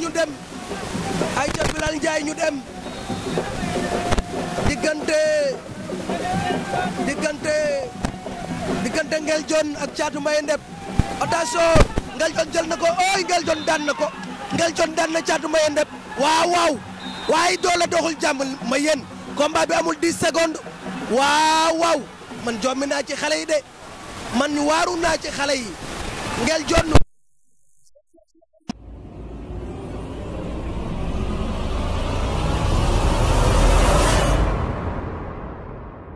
ñu dem ay ca Bilal Ndiaye dem diggante diggante ak Caatu Mbaye Ndep attention Ngeljon jël na ko ooy Ngeljon daan na ko Ngeljon daan na caatu ma yéen def waaw waaye doole doxul jàmm ma yéen combat bi amul 10 secondes waaw man jommi naa ci xale yi de man waaru naa ci xale yi Ngeljon